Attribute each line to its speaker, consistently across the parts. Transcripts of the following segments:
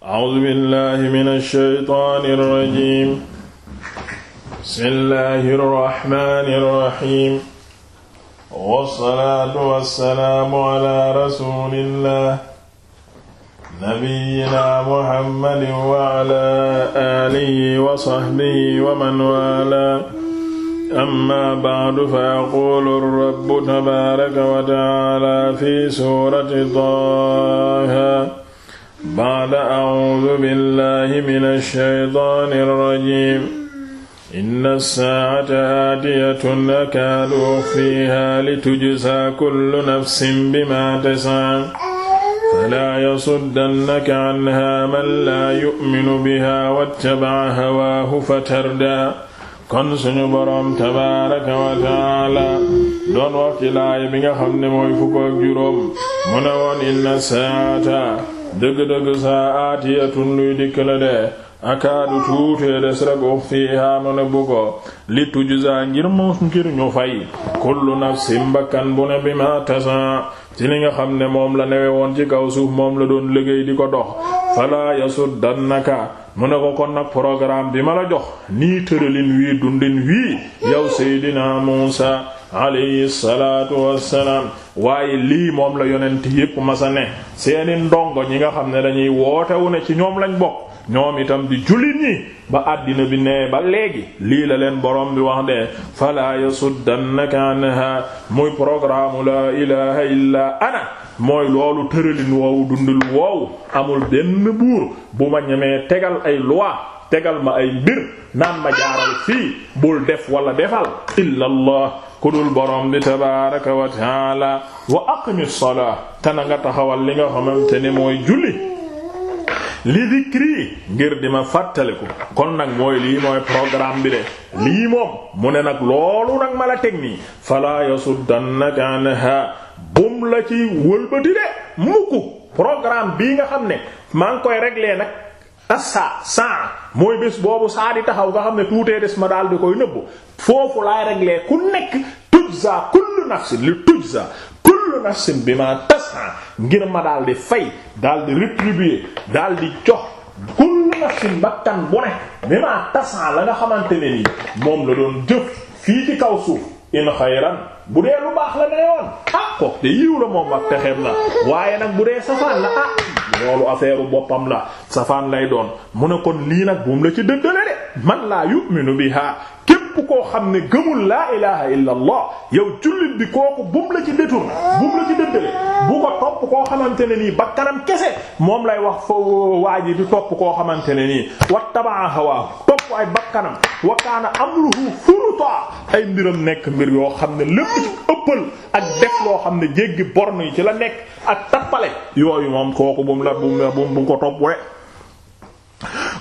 Speaker 1: A'uuzu billaahi mina shaytaani rajiim. Bismillaahi rahmaani rahiim. Wassalaatu wassalaamu alaa rasuulillaah. Nabiyyinaa Muhammadin wa alaa aalihi wa sahbihi wa man waalaa. Ammaa ba'du fayaquulu rabbu tabaaraka wa ta'aalaa fi suurati Taaha. ba'da a'uudu billaahi mina shaytaani rajiim inna saa'ata aatiyatun akaadu ukhfiihaa litujzaa kullu nafsin bimaa tas'aa falaa yasuddannaka 'anhaa man laa yu'minu bihaa wattaba'a hawaahu fatardaa kon suñu boroom tabaaraka wa taala doon wax ci laaya bi nga xam ne mooy fukk ak juróom mu ne woon inna saata dëgg-dëgg saa a luy dikk la dee akaadu tuutee des rek ux ne bu ko li tujzaa ngir mu ngir ñu fay kullu si mbakkan bu ne bi ma tasa ci li nga xam ne moom la newe woon ci kaw suuf moom la doon liggéey di ko dox falaa yasuddannaka mu ne ko kon nag programme bi ma la jox nii tëralin wii dundin wii yow Seydina Muusa alayhi salaatu wassalaam
Speaker 2: waaye lii moom la yonent yépp masa ne seeni ndongo ñi nga xam ne dañuy wootewu ne ci ñoom lañ bokk ñoom itam di jullit ñi ba àddina bi nee ba léegi lii la leen boroom bi wax de fala yasuddannaka anha muy programme la ilaha illa ana mooy loolu tëralin woowu dundul woowu amul benn buur bu ma ñemee tegal ay loi tegal ma ay mbir naan ma jaaral fii bul def wala defal illa allah ku dul borom bi tabaaraka wa taala wa aqimi salaa te nga taxawal li nga xamante ne mooy julli li dikri ngir di ma fàttaliku kon nag mooy lii mooy programme bi de lii moom mu ne nag loolu nag ma la teg nii falaa yasuddannaka anha bum la ci wëlbati de mukk programme bii nga xam ne maa ngi koy régler nag assa saa mooy bés boobu saa di taxaw nga xam ne tuutee des ma daal di koy nëbbu foofu laay régler ku nekk tujza kullu nafsin li tujza kullu nafsin bima tas'a ngir ma daal di fay daal di rétribuer daal di jox kullu nafsin bakkan bu ne bima tas'a la nga xamante ne nii moom la doon jëf fii ci kaw suuf in xayran bu dee lu baax la ne yoon ah kooku te yiw la moom ak texeem la waaye nag bu dee safaan la ah loolu affaire boppam la safaan lay doon lii nag moom la ci dëddale man laa yu'minu biha képp koo xam ne gëmul laa ilaha illa allah yow jullit la ci koo xamante ne nii bakkanam kese moom lay wax foo waa di topp koo xamante ne nii wattabaa hawaa topp ay bakkanam wa kaana amruhu furuta ay mbiram nekk mbir yoo xam ne lépp ci ëppal ak def loo xam ne jéggi borne yi ci la nekk ak jàppale yooyu moom kooku bu mu la bu mu ko topp we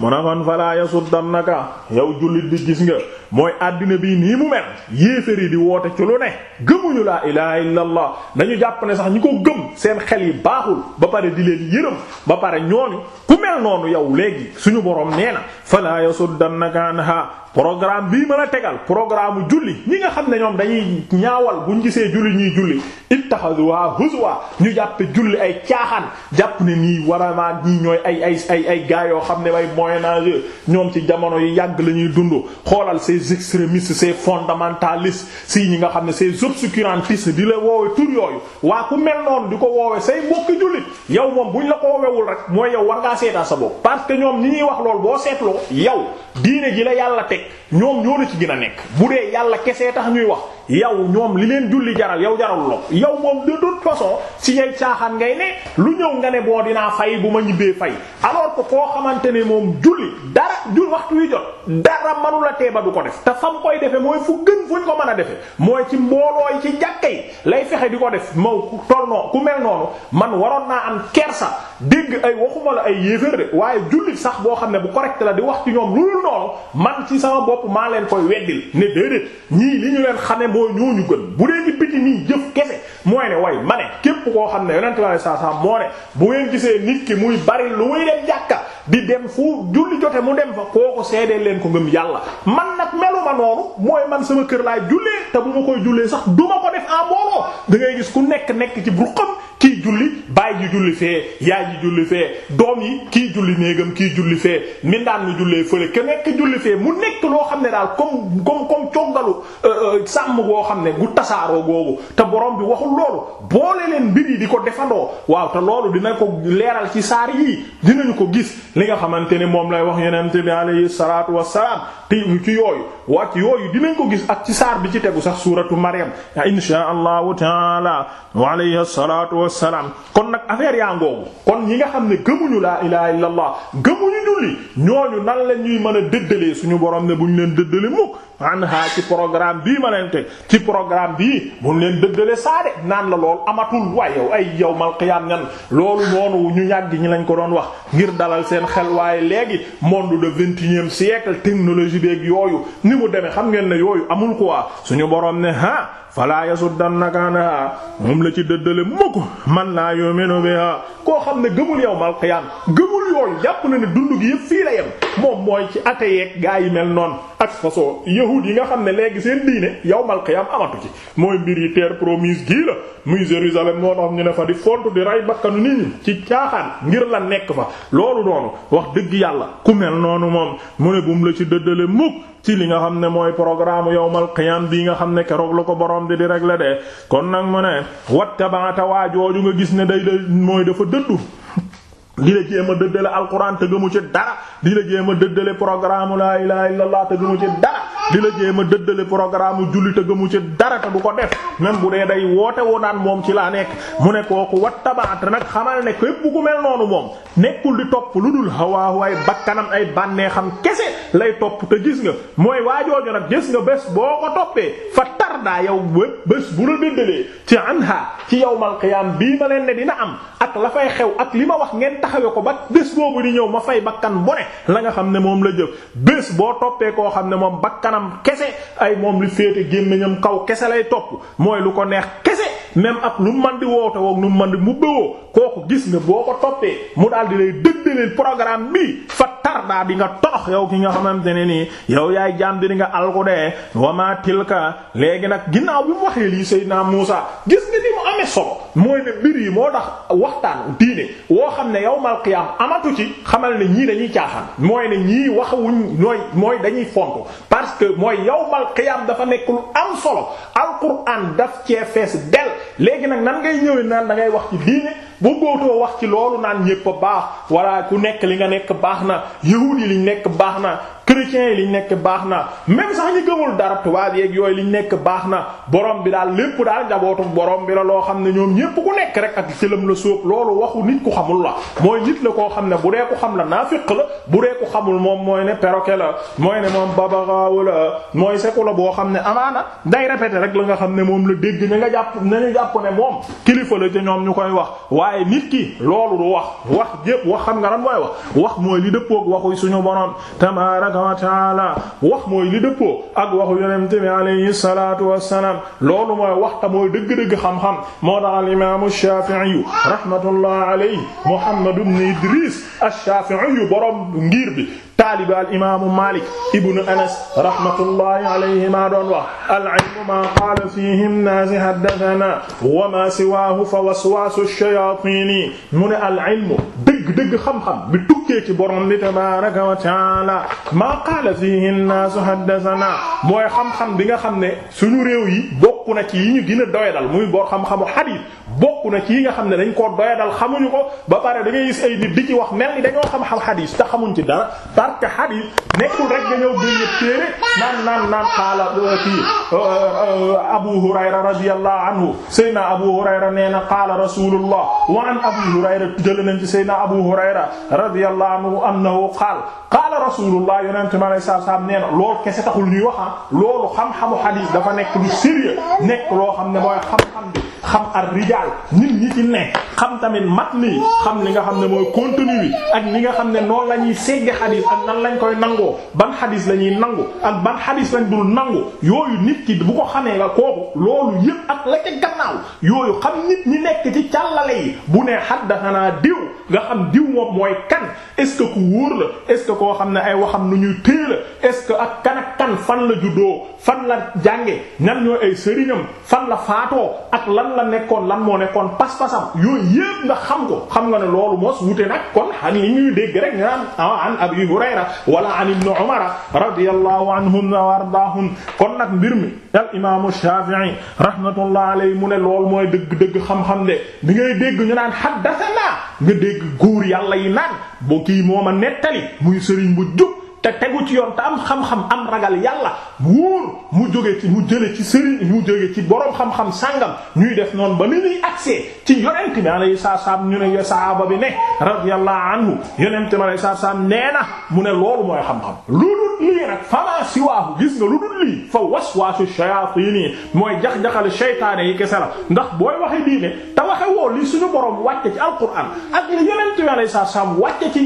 Speaker 2: mu ne kon falaa yasuddannaka yow jullit bi gis nga mooy àddina bii nii mu mel yéeféri di woote ci lu ne gëmuñu laa ilaha illa allah dañu jàpp ne sax ñi ko gëm seen xel yi baaxul ba pare di leen yërëm ba pare ñooñu ku mel noonu yow léegi suñu borom nee na fala yasuddannaka anha programme bii mën a tegal programme julli ñi nga xam ne ñoom dañuy ñaawal buñ gisee julli ñuy julli ittakhadhuha huzwa ñu jàppe julli ay caaxaan jàpp ne nii vraiment ñii ñooy ay ay ay ay gaa yoo xam ne way moyen âge ñoom ci jamono yi yàgg la ñuy dund xoolal ces extrémistes ces fondamentalistes si ñi nga xam ne ces obscurantistes di la woowe tur yooyu waa ku mel noonu di ko woowe say mbokki jullit yow moom bu ñu la ko woowewul rek mooy yow war ngaa seetaan sa bopp parce que ñoom ni ñuy wax lool boo seetloo yow diine ji la yàlla teg ñoom ñoo la ci gën a nekk bu dee yàlla kese tax ñuy wax yow ñoom li leen julli jaral yow jaral lok yow moom de toute façon si ngay caaxaan ngay ne lu ñëw nga ne boo dinaa fay bu ma ñibbee fay ko koo xamante ne moom julli dara jul waxtu wi jot dara manula tee du ko def te fam koy defe mooy fu gën fuñ ko mën a defe mooy ci mbooloo yi ci jàkka yi lay fexe di ko def moo ku tol noo ku mel noonu man waroon naa am kersa dégg ay waxuma la ay yéefér de waaye jullit sax boo xam ne bu correct la di wax ci ñoom lu dul noonu man ci sama bopp maa leen koy weddil ne déedéet ñii li ñu leen xame boo ñooñu gën bu dee ñu biti nii jëf kese mooy ne way ma ne képp koo xam ne yonente bi saa saa moo ne bu ngeen gisee nit ki muy bari lu muy dem jàkka di dem fu julli jote mu dem fa ko seedee leen ko ngëm yàlla man nag melu ma noonu mooy man sama kër laay jullee te bu ma koy sax duma ko def en mbooloo ngay gis ku nekk nekk ci bu xam kii julli baay ji julli fee yaay ji julli fee doom yi kii julli néegam kii julli fee mindaan mi jullee fële ke nekk julli fee mu nekk loo xam ne daal comme comme comme coggalu euh, euh, sàmm goo xam ne gu tasaaroo googu te borom bi waxul loolu boole leen mbir yi di ko defandoo waaw te loolu dina ko leeral ci saar yii dinañu ko gis li nga xamante ni moom lay wax yenente bi alayhi salatu wasalaam te ci yooyu wàcc yooyu dinañ ko gis ak ci saar bi ci tegu sax suratu Maryam insha Allahu ta'ala wa alayhi salatu wassalaam kon nag affaire yaa ngoogu kon ñi nga xam ne gëmuñu laa ilaha illa allah gëmuñu julli ñooñu nan la ñuy mën a dëddalee suñu borom ne bu ñu leen dëddale mukk anha ci programme bii ma leen ci programme bii mun leen dëddale saade naan la lool amatul waaye yow ay yawmal qiyaam ñan loolu noonu ñu yàgg ñi lañ ko doon wax ngir dalal seen xel waaye léegi monde de vingt-et-unième siècle beeg yooyu ni mu demee xam ngeen ne yooyu amul quoi suñu borom ne ah falaa yasuddannaka anhaa moom la ci dëddale mukk man laa yu'minu bihaa koo xam ne gëmul yawmal qiyaam gëmul yooyu jàpp na ne dund gi yëpp fii la yem moom mooy ci yi mel noonu. ak façon yahud yi nga xam ne léegi seen diine yawmal qiyam amatu ci mooy mbir yi terre promise gii la muy Jérusalem moo tax ñu ne fa di font di rey bakkanu nit ñi ci caaxaan ngir la nekk fa loolu noonu wax dëgg yàlla ku mel noonu moom mu ne bum la ci dëddale mukk ci li nga xam ne mooy programme yawmal qiyam bii nga xam ne keroog la ko borom di di la de kon nag mu ne wattabaata waa jooju nga gis ne day day mooy dafa dëddu di la jéem a dëddale alxuraan te mu ci dara di la jéem a dëddale programme laa ilaha illallah te gëmu ci dara di la jéem a dëddale programme julli te gëmu ci dara te du ko def même bu dee day woote woo naan moom ci laa nekk mu ne kooku wat tabaat nag xamal ne képp ku mel noonu moom nekkul di topp lu dul hawaahu ay bakkanam ay bànneexam kese lay topp te gis nga mooy waajooju nag gis nga bés boo ko toppee fa tardaa yow bés bu la dëddalee ci anha ci yawmal qiyaam bii ma leen dina am ak la fay xew ak li ma wax ngeen taxawee ko ba bés boobu di ñëw ma fay bakkan bu ne la nga xam ne moom la jëf bés boo toppee koo xam ne moom bakkanam kese ay moom li féete gémmiñam kaw kese lay topp mooy lu ko neex kese même ak lu man di woote woog nu man di mu bëwoo kooku gis ne boo ko toppee mu daal di lay dëgg programme bi tardaa di nga torox yow ki nga xamante ne nii yow yaay jaam di nga alku dee wama tilka léegi nag ginnaaw bi mu waxee lii Seydina Muusa gis nga ni mu amee solo mooy ne mbir yi moo tax waxtaan diine woo xam ne yow qiyaam amatu ci xamal ne ñii dañuy caaxaan mooy ne ñii waxawuñ ñooy mooy dañuy fonk parce que mooy yow qiyaam dafa nekk lu am solo alquran daf cee fees del léegi nag nan ngay ñëwee naan da wax ci diine bëggootoo wax ci loolu naan ñépp a baax walla ku nekk li nga nekk baax na yahuud yi liñ nekk baax na chrétiens yi liñ nekk baax na même sax ñi gëmul dara tubaab yeeg yooyu liñ nekk baax na borom bi daal lépp daal jabootu boroom bi la loo xam ne ñoom ñépp ku nekk rek ak cëlam la sóob loolu waxu nit ku xamul la mooy koo xam ne bu dee ku xam la naafiq la bu xamul moom mooy ne perroquet la mooy ne moom babaraaw la mooy seku la boo xam ne amaana day répéter rek la nga xam ne moom la dégg na nga jàpp na ñu jàpp ne moom kilifa la te ñoom ñu koy wax waaye nit ki loolu du wax wax jépp wax xam nga lan mooy wax wax mooy li dëppook waxu tabaraka wa taala wax mooy li dëppoo ak waxu yonent bi alayhi salaatu wassalaam loolu mooy waxta mooy dëgg-dëgg xam-xam moo tax al imaamu Shaafi'i rahmatullah alayhi Muhammad ibn Idris ash-Shaafi'i borom ngir bi taalib al imaamu Maalik ibnu Anas rahmatullahi alayhi maa doon wax al-'ilmu maa qaala fiihi an-naasu haddathanaa wa maa siwaahu fa waswaasu ash-shayaatiin mu ne al-'ilmu dëgg-dëgg xam-xam bi tukkee ci borom bi tabaaraka wa taala maa qaala fiihi an-naasu haddasanaa mooy xam-xam bi nga xam ne suñu réew yi bokk na ci yi ñu gën doyadal muy boo xam-xamu xadiis bokk na ci yi nga xam ne dañ koo doyadal xamuñu ko ba pare da ngay gis ay nit di ci wax mel ni dañoo xam xam xadiis te xamuñ ci dara parce que xadiis nekkul rek nga ñëw dégg téere naan naan naan xaala euh, kii euh, euh, Abu Hurayra radiyallahu anhu Seyna Abu Hurayra nee na qaala rasulullah wa an Abu Hurayra jëlee nañ ci Seyna Abu Hurayra radiyallahu anhu annahu qaala qaala rasulullah yonent mi alayhi salaatu salaam nee na loolu kese taxul ñuy wax ah, loolu xam-xamu xadiis dafa nekk lu sérieux nekk loo xam ne mooy xam-xam bi xam ar rijaal nit ñi ci ne xam tamit mat nii xam li nga xam ne mooy contenu bi ak ni nga xam ne noonu la ñuy segge xadis ak nan lañ koy nangoo ban xadis la ñuy nangu ak ban xadis lañ dul nangu yooyu nit ki bu ko xamee la kooku loolu yëpp ak la ca gannaaw yooyu xam nit ñi nekk ci càllale yi bu ne xaddasanaa diw nga xam diw moom mooy kan est ku wóor la est-ce koo xam ne ay waxam nu ñuy téye la est ak kan ak kan fan la juddoo fan la jànge ñan ñoo ay sëriñam la nekkoon lan moo nekkoon pas-pasam yooyu yépp nga xam ko xam nga ne loolu moos wute nag kon xam yi ñuy dégg rek ñu naan ah, an abi hurayra wala an ibn umar radiyallahu anhum wa ardaahum kon nag mbir mi al imaamu shafi'i rahmatullah alayhi mu ne loolu mooy dëgg-dëgg xam-xam de bi ngay dégg ñu naan haddathana nga dégg góor yàlla yi naan boo kii mooma nettali muy sëriñ bu jub te tegu ci yoon am xam-xam am ragal yàlla wóor mu jóge ci mu jële ci sëriñ mu jóge ci boroom xam-xam sàngam ñuy def noonu ba ni ñuy accès ci yonent bi alayhi salaam ñu ne sahaaba bi ne radiyallahu anhu yonent bi alayhi salaam nee na mu ne loolu mooy xam-xam lii nag fama siwaahu gis nga lu dul lii fa waswaasu shayaatini mooy jax-jaxal shaytaane yi kese la ndax booy waxe diine te waxe woo li suñu borom wàcce ci alquran ak li yonent bi alayhi salaam wàcce ci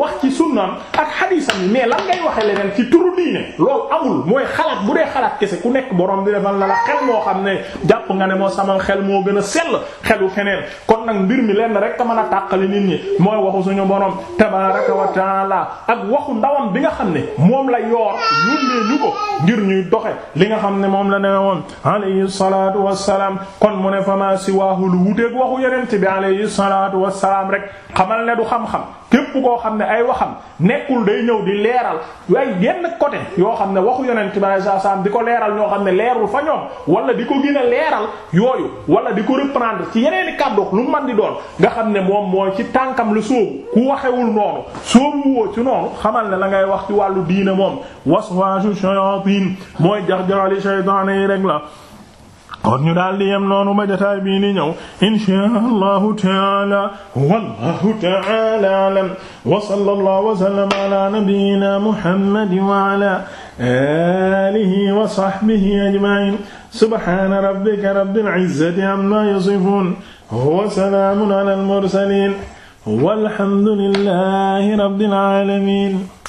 Speaker 2: wax ci sunnaam ak xadiisam yi mais lan ngay waxe leneen ci turu diine loolu amul mooy xalaat bu dee xalaat kese ku nekk borom di defal la la xel moo xam ne jàpp nga ne moo sama xel moo gën a sell xelu feneen kon mbir mi lenn rek a mën a tàqali nit ñi mooy waxu suñu borom tabaaraka wa taala ak waxu ndawam bi nga xam ne moom la yoor yónnee ñu ko ngir ñuy doxe li nga xam ne moom la nee woon alayhi salaatu wassalaam kon mu ne fa ma siwaahu lu wuteek waxu yonent bi alayhi salaatu wassalaam rek xamal ne du xam-xam képp koo xam ne ay waxam nekkul day ñëw di leeral ay yenn côté yoo xam ne waxu yonent bi alayhi salaam di ko leeral ñoo xam ne leerul fa ñoom wala di ko gën leeral yooyu wala di ko reprendre ci yeneeni kàddu lu man di doon nga xam ne moom mooy ci tànkam la sóobu ku waxewul noonu sóobu woo ci noonu xamal ne la ngay wax ci wàllu diine moom waswaasu shayatin mooy jax jaxali shaytaan yi rek la kon ñu daal di yem noonu ba jotaay bii ni ñëw insha allahu taala wallahu taala alam wa
Speaker 1: sallallahu wa sallama ala nabiyyina muhammad wa ala alihi wa sahbihi ajma'in subhana rabbika rabbil izzati amma yasifun
Speaker 2: wa salamun ala al mursalin walhamdulillahi rabbil alamin